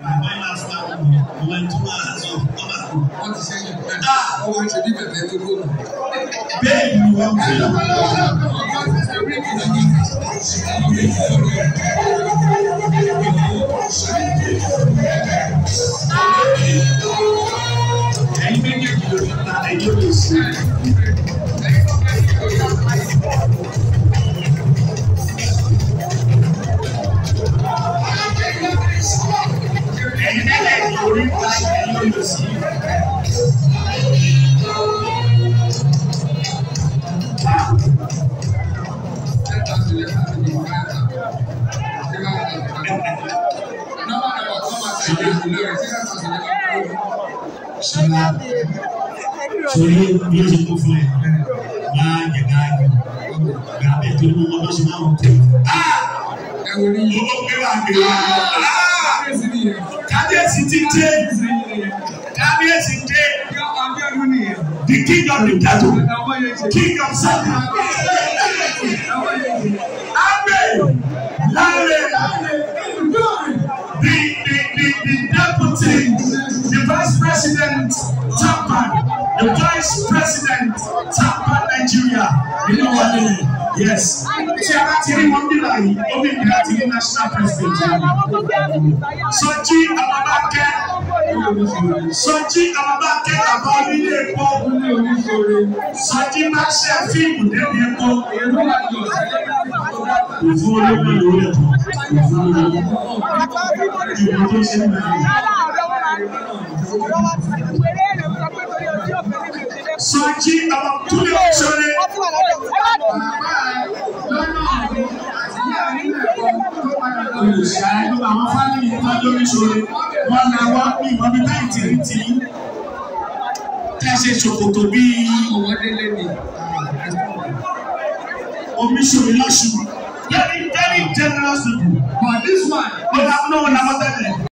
Bẹ́ẹ̀ni wọ́n fi ẹ̀yin méjèèjì ló ń ta ẹjọ́ lè ṣe. orí pàṣẹ yóò lò sí. Sori yóò ti kó fún ẹ náà jẹ náà jẹ náà bẹ tó ní wọn bá ṣe máa ń tẹ. Ah! Ẹ wò ni yóò gbé wà gbé wà dé kábíyèsí dé the kingdom dey dato kingdom sata abe lare the the the the deputy the vice president Chapman the vice president Chapman nàìjíríà nínú wa nìyẹn yes tí a bá ti rí wọn nílà yìí omi ìgbà ti rí national president Sọjí Àbábákẹ́ Sọjí Àbábákẹ́ àbá onílé epo Sọjí máa ṣe fíìmù débi epo òfin olóògbé lórí ẹ̀kọ́ òfin olóògbé ìwọ́n tó ṣe ń bẹ̀rẹ̀. Ṣáájí àwọn kúlẹ̀ òṣèré. Olùṣàánú àwọn fámìlì kan lórí ṣòro wọn la wá bí ìwọ́n bí táyì tìrì tì í. Tẹ́ ṣe ṣòkòtò bíi ọ̀wọ́délé ni. Omiṣòwò lọ́sùn. Very very generous people. But this one, they have no one about them.